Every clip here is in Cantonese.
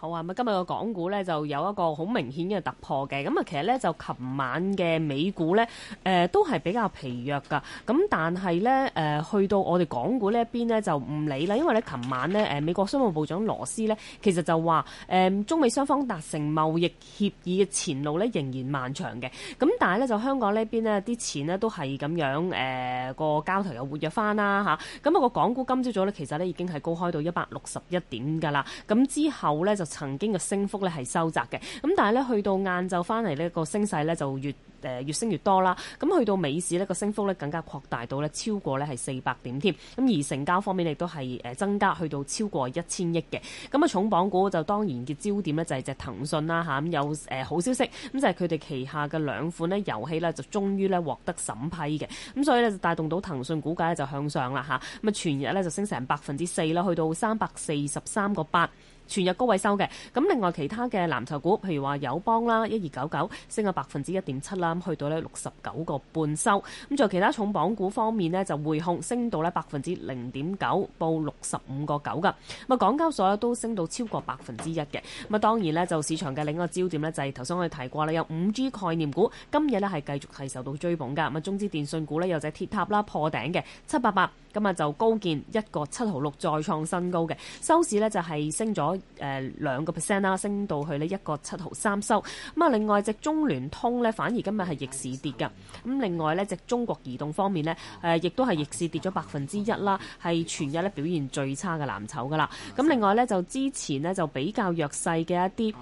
好啊！咁今日個港股咧就有一個好明顯嘅突破嘅。咁啊，其實咧就琴晚嘅美股咧，誒、呃、都係比較疲弱㗎。咁但係咧，誒、呃、去到我哋港股呢一邊咧，就唔理啦。因為咧，琴晚咧，誒美國商務部長羅斯咧，其實就話誒、呃、中美雙方達成貿易協議嘅前路咧仍然漫長嘅。咁但係咧，就香港呢邊呢啲錢呢，都係咁樣誒個、呃、交投又活躍翻啦嚇。咁啊，個港股今朝早咧其實咧已經係高開到一百六十一點㗎啦。咁之後咧就曾經嘅升幅咧係收窄嘅，咁但係咧去到晏晝翻嚟呢個升勢咧就越、呃、越升越多啦。咁去到尾市呢個升幅咧更加擴大到咧超過咧係四百點添。咁而成交方面亦都係增加去到超過一千億嘅。咁啊，重榜股就當然嘅焦點咧就係隻騰訊啦，咁有誒好消息，咁就係佢哋旗下嘅兩款咧遊戲咧就終於咧獲得審批嘅，咁，所以咧就帶動到騰訊股價咧就向上啦嚇。咁啊，全日咧就升成百分之四啦，去到三百四十三個八。全日高位收嘅，咁另外其他嘅藍籌股，譬如話友邦啦，一二九九升咗百分之一點七啦，去到呢六十九個半收。咁在其他重磅股方面呢，就匯控升到呢百分之零點九，報六十五個九噶。咁啊，港交所咧都升到超過百分之一嘅。咁啊，當然呢，就市場嘅另一個焦點呢，就係頭先我哋提過啦，有五 G 概念股，今日呢係繼續係受到追捧㗎。咁啊，中資電信股呢，有隻鐵塔啦破頂嘅七八八，今日就高見一個七毫六，再創新高嘅，收市呢，就係升咗誒兩個 percent 啦，升到去咧一個七毫三收。咁啊，另外隻中聯通呢，反而今日係逆市跌嘅。咁另外呢隻中國移動方面呢，誒亦都係逆市跌咗百分之一啦，係全日咧表現最差嘅藍籌噶啦。咁另外呢，就之前呢，就比較弱勢嘅一啲。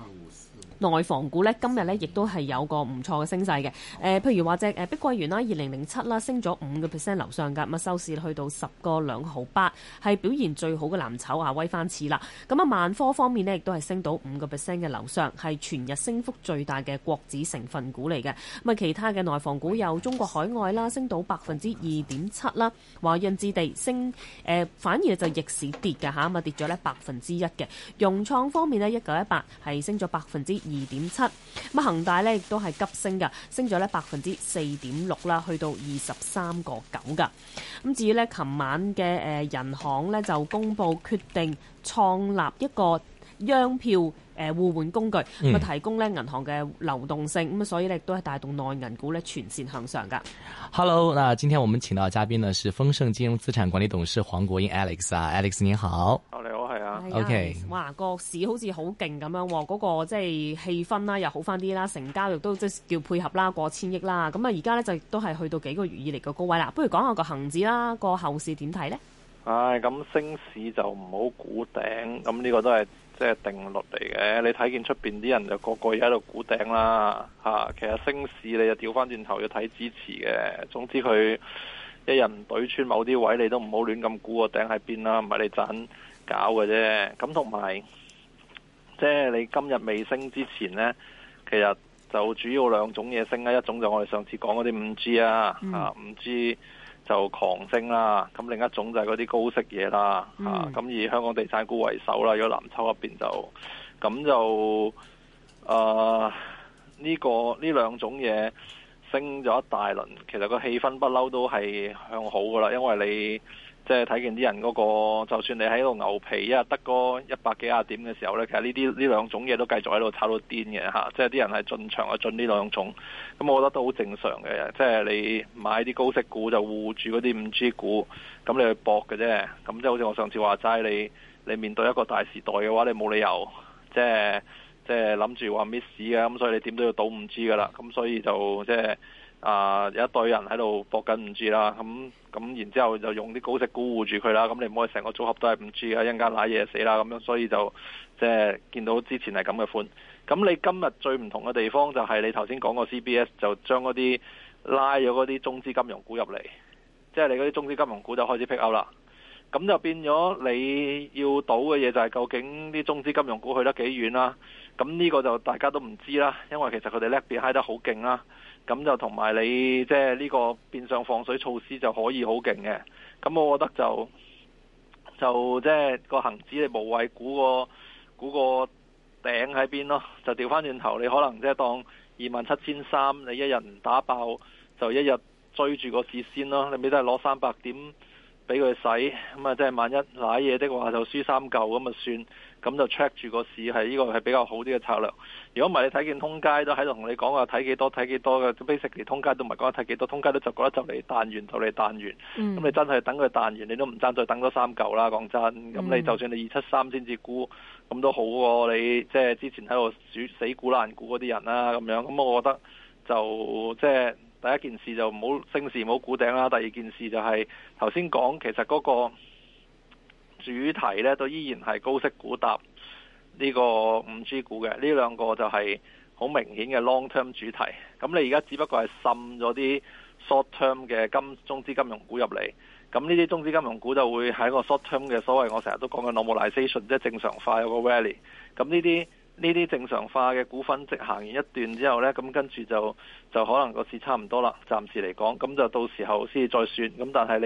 內房股呢，今日呢亦都係有個唔錯嘅升勢嘅，誒、呃、譬如話隻碧桂園啦，二零零七啦，升咗五個 percent 樓上㗎，咁啊收市去到十個兩毫八，係表現最好嘅藍籌啊，威翻次啦。咁啊萬科方面呢，亦都係升到五個 percent 嘅樓上，係全日升幅最大嘅國指成分股嚟嘅。咁啊其他嘅內房股有中國海外啦，升到百分之二點七啦，華潤置地升誒、呃、反而就逆市跌㗎吓，咁啊跌咗呢百分之一嘅。融創方面呢，一九一八係升咗百分之二點七，咁恒大呢亦都係急升噶，升咗呢百分之四點六啦，去到二十三個九噶。咁至於呢，琴晚嘅誒銀行呢就公佈決定創立一個央票誒、呃、互換工具，去、嗯、提供呢銀行嘅流動性。咁所以呢亦都係帶動內銀股呢全線向上噶。Hello，那今天我們請到嘅嘉賓呢是豐盛金融資產管理董事黃國英 Alex 啊，Alex 你好。係啊，Okay. 哇，個市好似好勁咁樣喎，嗰、那個即係氣氛啦，又好翻啲啦，成交亦都即係叫配合啦，過千億啦。咁啊，而家咧就亦都係去到幾個月以嚟嘅高位啦。不如講下個恒指啦，個後市點睇咧？唉、哎，咁升市就唔好估頂，咁呢個都係即係定律嚟嘅。你睇見出面啲人就個個喺度估頂啦、啊，其實升市你就調翻轉頭要睇支持嘅。總之佢一人隊穿某啲位，你都唔好亂咁估個頂喺邊啦，唔係你盞。搞嘅啫，咁同埋即係你今日未升之前呢，其實就主要兩種嘢升啦，一種就我哋上次講嗰啲五 G 啊，吓五、mm. 啊、G 就狂升啦，咁另一種就係嗰啲高息嘢啦、啊，吓咁、mm. 啊、以香港地產股為首啦，有藍籌入邊就咁就誒呢、啊這個呢兩種嘢升咗一大輪，其實個氣氛不嬲都係向好噶啦，因為你。即係睇見啲人嗰個，就算你喺度牛皮，一日得嗰一百幾廿點嘅時候呢，其實呢啲呢兩種嘢都繼續喺度炒到癲嘅。即係啲人係進場啊進呢兩種，咁我覺得都好正常嘅。即係你買啲高息股就護住嗰啲五 G 股，咁你去搏嘅啫。咁即係好似我上次話齋，你你面對一個大時代嘅話，你冇理由即係。即係諗住話 miss 嘅，咁所以你點都要賭 5G 嘅啦。咁所以就即係啊，有一隊人喺度搏緊 5G 啦。咁咁然之後就用啲高息股護住佢啦。咁你唔可以成個組合都係 5G 㗎，一間瀨嘢死啦。咁樣所以就即係見到之前係咁嘅款。咁你今日最唔同嘅地方就係你頭先講過 CBS 就將嗰啲拉咗嗰啲中資金融股入嚟，即係你嗰啲中資金融股就開始劈歐啦。咁就變咗你要賭嘅嘢就係究竟啲中資金融股去得幾遠啦。咁呢個就大家都唔知啦，因為其實佢哋叻啲，嗨得好勁啦。咁就同埋你即係呢個變相放水措施就可以好勁嘅。咁我覺得就就即係個恆指你無謂估個估個頂喺邊咯，就調翻轉頭，你可能即係當二萬七千三，你一日唔打爆就一日追住個市先咯。你咪都係攞三百點俾佢使，咁啊，即係萬一瀨嘢的話，就輸三舊咁啊算。咁就 check 住個市係呢個係比較好啲嘅策略。如果唔係你睇見通街都喺度同你講話睇幾多睇幾多嘅，basically 通街都唔係講睇幾多，通街都就覺得就嚟彈完就嚟彈完。咁、mm. 你真係等佢彈完，你都唔爭再，再等多三舊啦。講真，咁你就算你二七三先至估，咁都好過、啊、你即係之前喺度死，死難估爛估嗰啲人啦、啊。咁樣，咁我覺得就即係。就是第一件事就唔好升市唔好估頂啦，第二件事就係頭先講其實嗰個主題咧都依然係高息股搭呢個五 G 股嘅，呢兩個就係好明顯嘅 long term 主題。咁你而家只不過係滲咗啲 short term 嘅金中資金融股入嚟，咁呢啲中資金融股就會喺個 short term 嘅所謂我成日都講嘅 normalization 即係正常化有個 valley。咁呢啲呢啲正常化嘅股份直行完一段之後呢，咧，咁跟住就就可能個市差唔多啦，暫時嚟講，咁就到時候先至再算。咁但係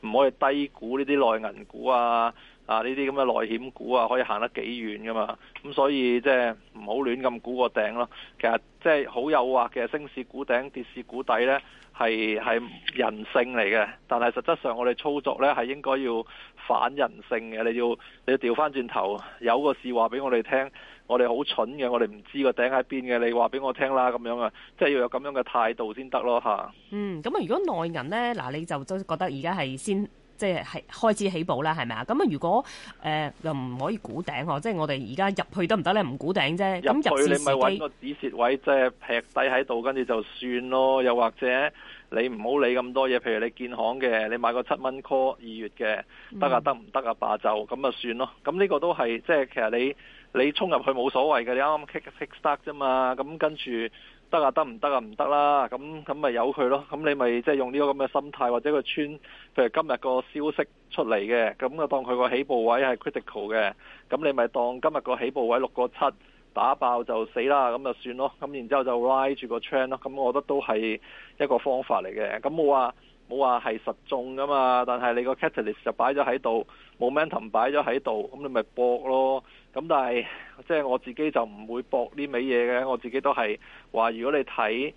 你唔可以低估呢啲內銀股啊。啊！呢啲咁嘅內險股啊，可以行得幾遠噶嘛？咁所以即係唔好亂咁估個頂咯。其實即係好誘惑嘅，升市估頂，跌市估底呢，係係人性嚟嘅。但係實質上我哋操作呢係應該要反人性嘅。你要你調翻轉頭，有個事話俾我哋聽，我哋好蠢嘅，我哋唔知個頂喺邊嘅。你話俾我聽啦，咁樣啊，即係要有咁樣嘅態度先得咯嚇。嗯，咁啊，如果內銀呢？嗱你就都覺得而家係先。即係係開始起步啦，係咪啊？咁啊，如果誒又唔可以估頂喎，即係我哋而家去入去得唔得咧？唔估頂啫。入去你咪揾個止蝕位，即係劈低喺度，跟住就算咯。又或者你唔好理咁多嘢，譬如你建行嘅，你買個七蚊 call 二月嘅，得啊，得唔得啊？霸就咁啊，就就算咯。咁呢個都係即係其實你你衝入去冇所謂嘅，你啱啱 kick start 啫嘛，咁跟住。得啊，啊，啊，得唔得啊？唔得啦，咁咁咪由佢咯。咁你咪即係用呢個咁嘅心態，或者個穿譬如今日個消息出嚟嘅，咁就當佢個起步位係 critical 嘅。咁你咪當今日個起步位六個七打爆就死啦，咁就算咯。咁然之後就拉住個 trend 咯。咁我覺得都係一個方法嚟嘅。咁冇話冇話係實中噶嘛。但係你個 catalyst 就擺咗喺度，momentum 擺咗喺度，咁你咪搏咯。咁但係，即係我自己就唔會搏呢味嘢嘅。我自己都係話，如果你睇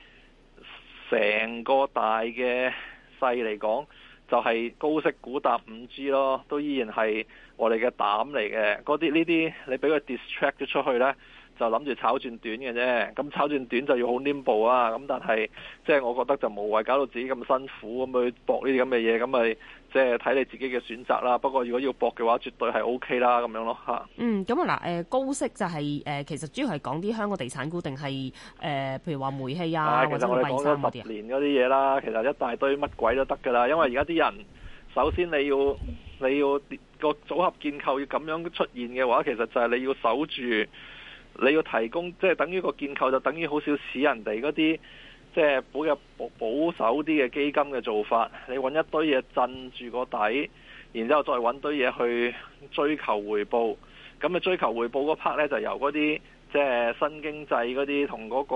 成個大嘅勢嚟講，就係高息股搭五 G 咯，都依然係我哋嘅膽嚟嘅。嗰啲呢啲，你俾佢 distract 咗出去呢,就諗住炒轉短嘅啫。咁炒轉短就要好 nimble 啊。咁但係，即係我覺得就無謂搞到自己咁辛苦咁去搏呢啲咁嘅嘢，咁咪。即係睇你自己嘅選擇啦。不過如果要搏嘅話，絕對係 O K 啦咁樣咯嚇。嗯，咁嗱，誒、呃、高息就係、是、誒、呃、其實主要係講啲香港地產股定係誒，譬如話煤氣啊或者我哋講咗十年嗰啲嘢啦，啊、其實一大堆乜鬼都得噶啦。因為而家啲人首先你要你要、個組合建構要咁樣出現嘅話，其實就係你要守住，你要提供即係、就是、等於個建構就等於好少似人哋嗰啲。即係保保保守啲嘅基金嘅做法，你揾一堆嘢鎮住個底，然之後再揾堆嘢去追求回報。咁啊追求回報嗰 part 呢，就由嗰啲即係新經濟嗰啲同嗰個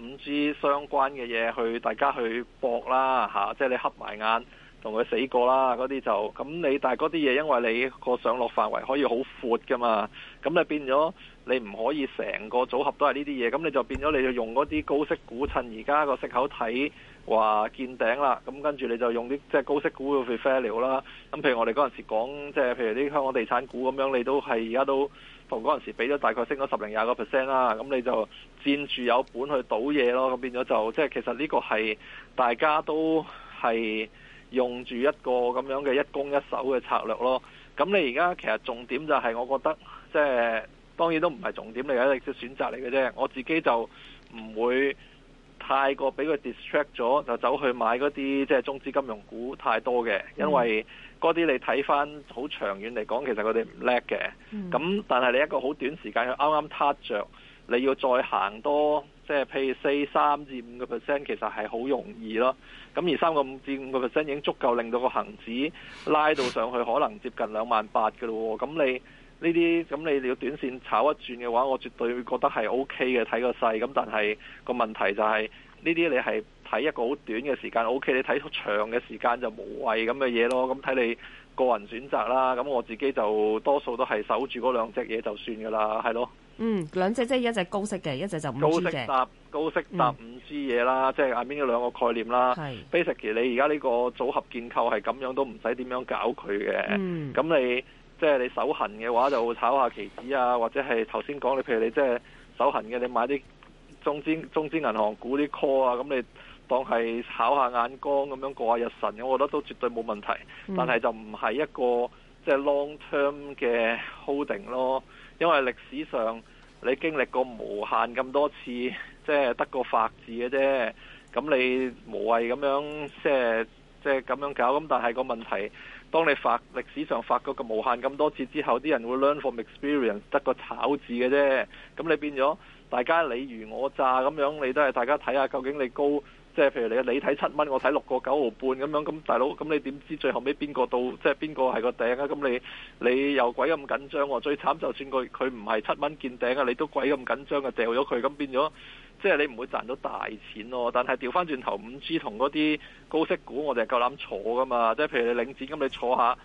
五 G 相關嘅嘢去大家去搏啦吓，即係你黑埋眼。同佢死過啦，嗰啲就咁你，但係嗰啲嘢因為你個上落範圍可以好闊噶嘛，咁你變咗你唔可以成個組合都係呢啲嘢，咁你就變咗你，你就用嗰啲、就是、高息股趁而家個息口睇話見頂啦，咁跟住你就用啲即係高息股去 fill a 啦。咁譬如我哋嗰陣時講，即、就、係、是、譬如啲香港地產股咁樣，你都係而家都同嗰陣時俾咗大概升咗十零廿個 percent 啦，咁你就佔住有本去賭嘢咯，咁變咗就即係、就是、其實呢個係大家都係。用住一個咁樣嘅一攻一守嘅策略咯。咁你而家其實重點就係，我覺得即係、即係、當然都唔係重點嚟嘅，即係選擇嚟嘅啫。我自己就唔會太過俾佢 distract 咗，就走去買嗰啲即係中資金融股太多嘅，因為嗰啲你睇翻好長遠嚟講，其實佢哋唔叻嘅。咁、嗯、但係你一個好短時間去啱啱撻着，你要再行多。即係譬如四三至五個 percent，其實係好容易咯。咁而三個五至五個 percent 已經足夠令到個恆指拉到上去，可能接近兩萬八嘅咯。咁你呢啲咁你要短線炒一轉嘅話，我絕對覺得係 OK 嘅。睇個勢咁，但係個問題就係呢啲你係睇一個好短嘅時間 OK，你睇長嘅時間就無謂咁嘅嘢咯。咁睇你個人選擇啦。咁我自己就多數都係守住嗰兩隻嘢就算㗎啦，係咯。嗯，兩隻即係一隻高息嘅，一隻就唔高息搭高息搭五支嘢啦，即係下面有兩個概念啦。係是，basically 你而家呢個組合建構係咁樣都唔使點樣搞佢嘅。嗯，咁你即係、就是、你手痕嘅話就炒下期指啊，或者係頭先講你譬如你即係手痕嘅，你買啲中資中資銀行股啲 call 啊，咁你當係炒下眼光咁樣過下日神，咁我覺得都絕對冇問題。但係就唔係一個即係、就是、long term 嘅 holding 咯，因為歷史上。你經歷過無限咁多次，即係得個罰字嘅啫。咁你無謂咁樣，即係即係咁樣搞。咁但係個問題，當你罰歷史上罰過咁無限咁多次之後，啲人會 learn from experience，得個炒字嘅啫。咁你變咗大家你虞我詐咁樣，你都係大家睇下究竟你高。即係譬如你，你睇七蚊，我睇六個九毫半咁樣，咁大佬，咁你點知最後尾邊個到？即係邊個係個頂啊？咁你你又鬼咁緊張喎、啊！最慘就算佢佢唔係七蚊見頂啊，你都鬼咁緊張啊，掉咗佢，咁變咗即係你唔會賺到大錢咯、啊。但係調翻轉頭五 G 同嗰啲高息股，我哋係夠膽坐噶嘛？即、就、係、是、譬如你領展咁，你坐下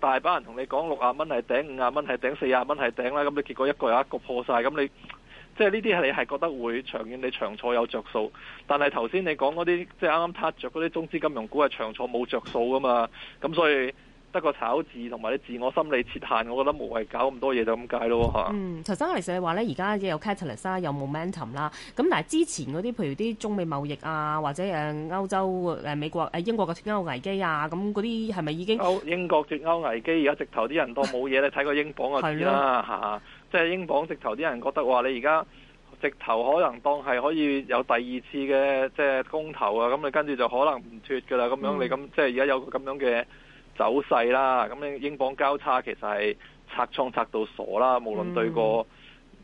大把人同你講六啊蚊係頂，五啊蚊係頂，四啊蚊係頂啦，咁你結果一個又一個破晒。咁你。即係呢啲係你係覺得會長遠，你長坐有着數。但係頭先你講嗰啲，即係啱啱撻著嗰啲中資金融股係長坐冇着數㗎嘛。咁所以得個炒字同埋啲自我心理設限，我覺得無謂搞咁多嘢就咁解咯嚇。嗯，頭先 Alex 話咧，而家有 catalyst 有 momentum 啦。咁但係之前嗰啲譬如啲中美貿易啊，或者誒歐洲、美國、英國嘅脱歐危機啊，咁嗰啲係咪已經歐英國脱歐危機而家直頭啲人當冇嘢咧？睇個 英鎊就呢啊，知啦。即係英鎊直頭啲人覺得話你而家直頭可能當係可以有第二次嘅即係公投啊，咁你跟住就可能唔脱㗎喇。咁、嗯、樣你咁即係而家有咁樣嘅走勢啦。咁你英鎊交叉其實係拆倉拆到傻啦。無論對個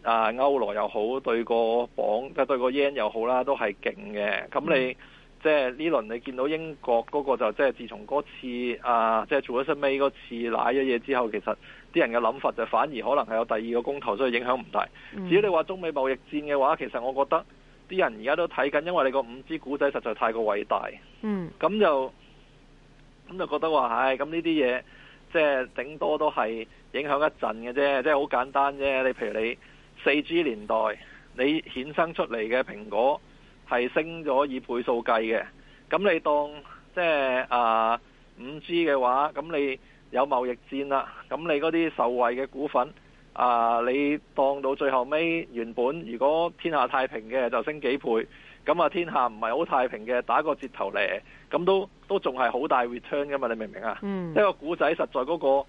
啊歐羅又好，對個鎊即係對個 yen 又好啦，都係勁嘅。咁你即係呢輪你見到英國嗰個就即係、就是、自從嗰次啊即係、就是、做咗新尾嗰次舐咗嘢之後，其實。啲人嘅諗法就反而可能係有第二個公投，所以影響唔大。至於你話中美貿易戰嘅話，其實我覺得啲人而家都睇緊，因為你個五 G 古仔實在太過偉大。嗯，咁就咁就覺得話，唉、哎，咁呢啲嘢即係頂多都係影響一陣嘅啫，即係好簡單啫。你譬如你四 G 年代，你衍生出嚟嘅蘋果係升咗以倍數計嘅，咁你當即係啊五 G 嘅話，咁你。有貿易戰啦，咁你嗰啲受惠嘅股份啊，你當到最後尾原本如果天下太平嘅就升幾倍，咁啊天下唔係好太平嘅打個折頭嚟，咁都都仲係好大 return 噶嘛？你明唔明啊？嗯，一個古仔實在嗰個嗰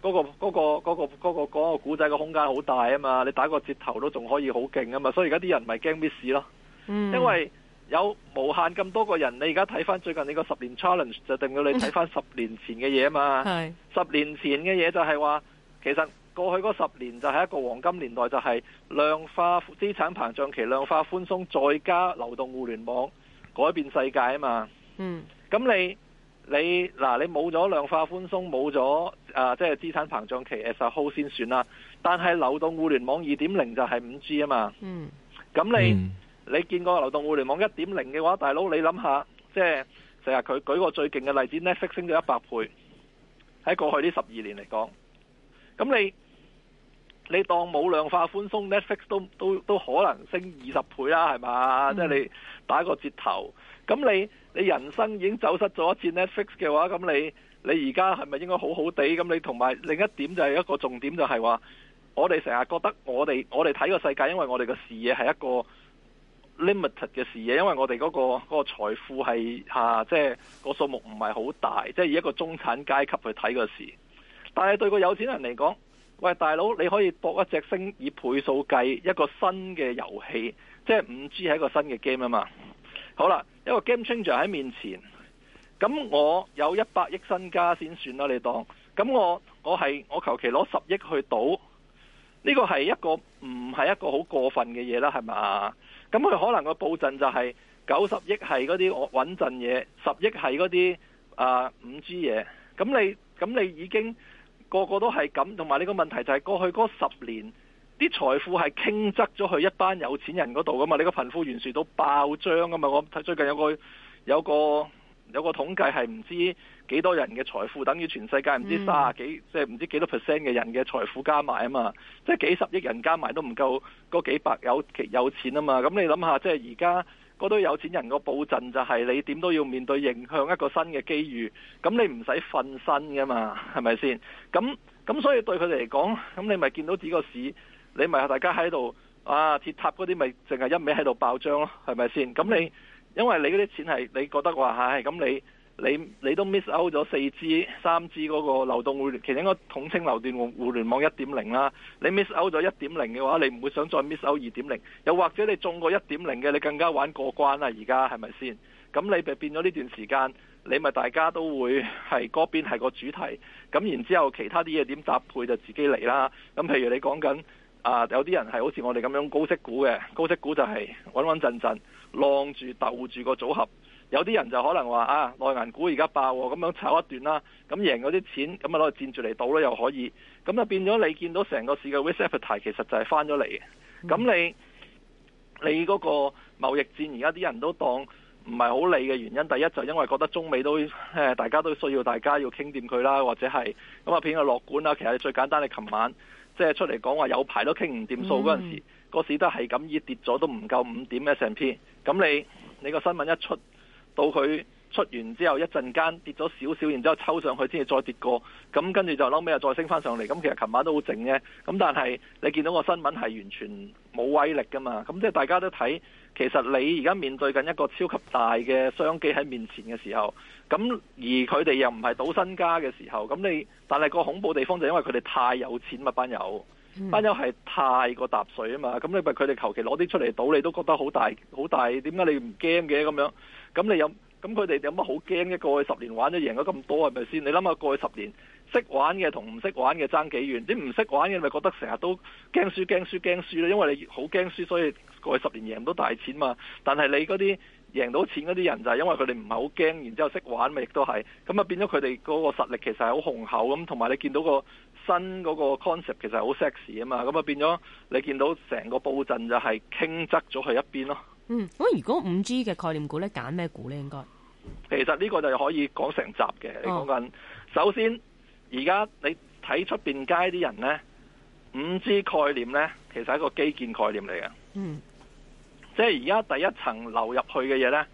個嗰個嗰個嗰個嗰個古仔嘅空間好大啊嘛，你打個折頭都仲可以好勁啊嘛，所以而家啲人咪驚 miss 咯，mm. 因為。有無限咁多個人，你而家睇翻最近呢個十年 challenge，就定要你睇翻十年前嘅嘢嘛。十是年前嘅嘢就係話，其實過去嗰十年就係一個黃金年代，就係量化資產膨脹期，量化寬鬆，再加流動互聯網改變世界啊嘛。嗯，咁你你嗱，你冇咗量化寬鬆，冇咗啊，即係資產膨脹期，其實好先算啦。但係流動互聯網二點零就係五 G 啊嘛。嗯，咁你。嗯你見過流動互聯網一點零嘅話，大佬你諗下，即係成日佢舉個最勁嘅例子，Netflix 升咗一百倍，喺過去呢十二年嚟講，咁你你當冇量化寬鬆，Netflix 都都都可能升二十倍啦，係嘛？即係、mm hmm. 你打個折頭，咁你你人生已經走失咗一次 Netflix 嘅話，咁你你而家係咪應該好好地？咁你同埋另一點就係一個重點就，就係話我哋成日覺得我哋我哋睇個世界，因為我哋個視野係一個。Limited 嘅事嘢，因為我哋嗰、那個嗰、那個財富係吓，即、啊、係、就是、個數目唔係好大，即、就、係、是、以一個中產階級去睇個事。但係對個有錢人嚟講，喂，大佬，你可以博一隻升以倍數計一個新嘅遊戲，即係五 G 係一個新嘅 game 啊嘛。好啦，一個 game changer 喺面前，咁我有一百億身家先算啦，你當咁我我係我求其攞十億去賭，呢、這個係一個唔係一個好過分嘅嘢啦，係咪？咁佢可能個佈陣就係九十億係嗰啲穩陣嘢，十億係嗰啲啊五 G 嘢。咁你咁你已經個個都係咁，同埋呢個問題就係過去嗰十年啲財富係傾側咗去一班有錢人嗰度噶嘛？你個貧富懸殊到爆張噶嘛？我睇最近有個有個。有個統計係唔知幾多人嘅財富，等於全世界唔知卅幾，嗯、即係唔知幾多 percent 嘅人嘅財富加埋啊嘛，即係幾十億人加埋都唔夠嗰幾百有有錢啊嘛。咁你諗下，即係而家嗰堆有錢人個佈陣就係你點都要面對迎向一個新嘅機遇，咁你唔使瞓身噶嘛，係咪先？咁咁所以對佢嚟講，咁你咪見到整個市，你咪大家喺度啊鐵塔嗰啲咪淨係一味喺度爆張咯，係咪先？咁你。嗯因為你嗰啲錢係你覺得話唉，咁你你你都 miss out 咗 4G、3G 嗰個流動互聯其實應該統稱流動互互聯網一點零啦。你 miss out 咗一點零嘅話，你唔會想再 miss out 二點零。又或者你中過一點零嘅，你更加玩過關啦。而家係咪先？咁你咪變咗呢段時間，你咪大家都會係嗰邊係個主題。咁然之後，其他啲嘢點搭配就自己嚟啦。咁譬如你講緊啊，有啲人係好似我哋咁樣高息股嘅，高息股就係穩穩陣陣。晾住、逗住個組合，有啲人就可能話啊，內銀股而家爆喎，咁樣炒一段啦，咁贏嗰啲錢，咁啊攞嚟賤住嚟賭啦，又可以，咁就變咗你見到成個市嘅 risk appetite 其實就係翻咗嚟嘅，咁你你嗰個貿易戰而家啲人都當。唔係好理嘅原因，第一就因為覺得中美都大家都需要大家要傾掂佢啦，或者係咁啊，偏係樂觀啦。其實最簡單、嗯 P，你，你琴晚即係出嚟講話有排都傾唔掂數嗰陣時，個市都係咁已跌咗都唔夠五點 S&P。咁你你個新聞一出到佢出完之後一陣間跌咗少少，然之後抽上去先至再跌過。咁跟住就撈尾，又再升翻上嚟。咁其實琴晚都好靜嘅。咁但係你見到個新聞係完全冇威力㗎嘛？咁即係大家都睇。其實你而家面對緊一個超級大嘅商機喺面前嘅時候，咁而佢哋又唔係賭身家嘅時候，咁你，但係個恐怖地方就因為佢哋太有錢，乜、嗯、班友，班友係太過搭水啊嘛，咁你咪佢哋求其攞啲出嚟賭，你都覺得好大好大，點解你唔驚嘅咁樣？咁你有，咁佢哋有乜好驚？一過去十年玩咗贏咗咁多係咪先？你諗下過去十年，識玩嘅同唔識玩嘅爭幾遠？啲唔識玩嘅咪覺得成日都驚輸驚輸驚輸咯，因為你好驚輸所以。過去十年贏唔到大錢嘛，但係你嗰啲贏到錢嗰啲人就係因為佢哋唔係好驚，然之後識玩咪，亦都係咁啊，變咗佢哋嗰個實力其實係好雄厚咁，同埋你見到個新嗰個 concept 其實係好 sexy 啊嘛，咁啊變咗你見到成個佈陣就係傾側咗去一邊咯。嗯，咁如果五 G 嘅概念股咧，揀咩股咧應該？其實呢個就可以講成集嘅。你講緊、哦、首先，而家你睇出邊街啲人咧，五 G 概念咧其實係一個基建概念嚟嘅。嗯。即係而家第一層流入去嘅嘢呢，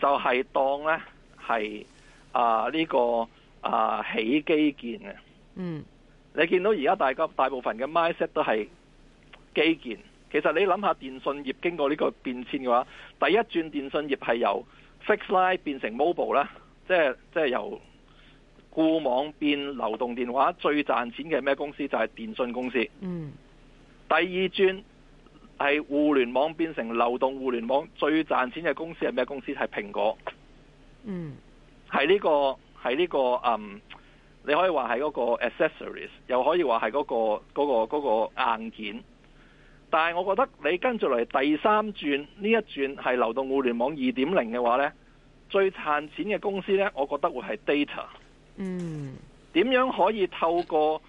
就係、是、當呢係啊呢、這個啊起基建嘅。嗯，你見到而家大個大部分嘅 mindset 都係基建。其實你諗下，電信業經過呢個變遷嘅話，第一轉電信業係由 fixed line 變成 mobile 啦、就是，即係即係由固網變流動電話，最賺錢嘅咩公司就係、是、電信公司。嗯，第二轉。係互聯網變成流動互聯網最賺錢嘅公司係咩公司？係蘋果係、呢個。嗯、呢個，係呢個係呢個嗯，你可以話係嗰個 accessories，又可以話係嗰個、嗰個、嗰個硬件。但係我覺得你跟住嚟第三轉呢一轉係流動互聯網二點零嘅話呢，最賺錢嘅公司呢，我覺得會係 data。嗯，點樣可以透過？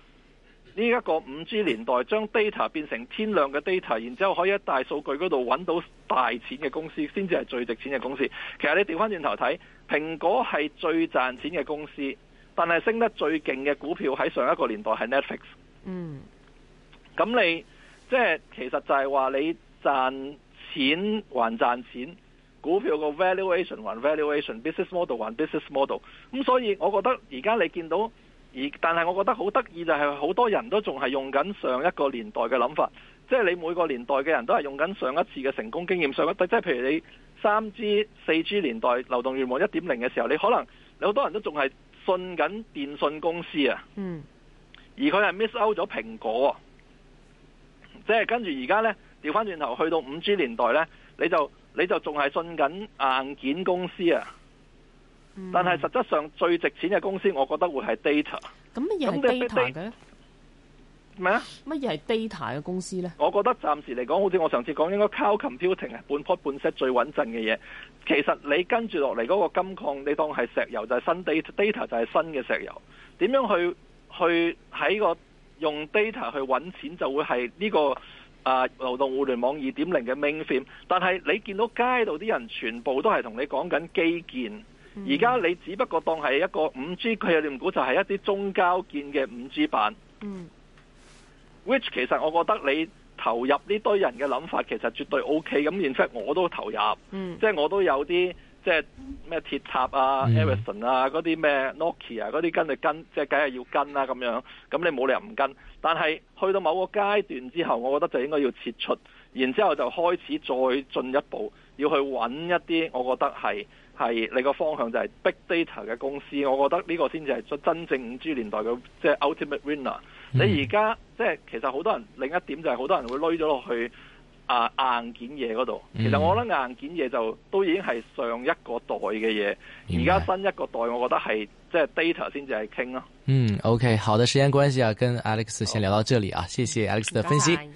呢一個五 G 年代，將 data 變成天量嘅 data，然之後可以喺大數據嗰度揾到大錢嘅公司，先至係最值錢嘅公司。其實你調翻轉頭睇，蘋果係最賺錢嘅公司，但係升得最勁嘅股票喺上一個年代係 Netflix。嗯。咁你即係其實就係話你賺錢還賺錢，股票個 valuation 還 valuation，business model 還 business model。咁所以我覺得而家你見到。而但係我覺得好得意就係好多人都仲係用緊上一個年代嘅諗法，即係你每個年代嘅人都係用緊上一次嘅成功經驗。上一即係譬如你三 G、四 G 年代，流動聯網一點零嘅時候，你可能你好多人都仲係信緊電信公司啊。嗯。而佢係 miss out 咗蘋果，即係跟住而家呢，調翻轉頭去到五 G 年代呢，你就你就仲係信緊硬件公司啊。但係實質上最值錢嘅公司，我覺得會係 data、嗯。咁乜嘢 data 嘅咩啊？乜嘢係 data 嘅公司呢？司呢我覺得暫時嚟講，好似我上次講，應該 cloud computing 係半 pro 半 set 最穩陣嘅嘢。其實你跟住落嚟嗰個金礦，你當係石油就係新 data，data 就係新嘅石油。點、就是、樣去去喺個用 data 去揾錢，就會係呢、這個啊、呃，流動互聯網二點零嘅 mainstream 但係你見到街度啲人全部都係同你講緊基建。而家你只不過當係一個五 G 佢有啲估就係一啲中交建嘅五 G 版。嗯 which 其實我覺得你投入呢堆人嘅諗法其實絕對 OK。咁 in fact 我都投入，即係、嗯、我都有啲即係咩鐵塔啊、Ericsson、啊、啊啊、啊嗰啲咩、Nokia、ok、嗰啲跟就跟，即係梗係要跟啦、啊、咁樣。咁你冇理由唔跟。但係去到某個階段之後，我覺得就應該要撤出，然之後就開始再進一步要去揾一啲我覺得係。係你個方向就係 big data 嘅公司，我覺得呢個先至係真正五 G 年代嘅，即係、就是、ultimate winner。嗯、你而家即係其實好多人另一點就係好多人會累咗落去啊硬件嘢嗰度，其實我覺得硬件嘢就都已經係上一個代嘅嘢，而家白新一個代我覺得係即係 data 先至係傾咯。就是、嗯，OK，好的，時間關係啊，跟 Alex 先聊到這裡啊，好謝謝 Alex 嘅分析。拜拜。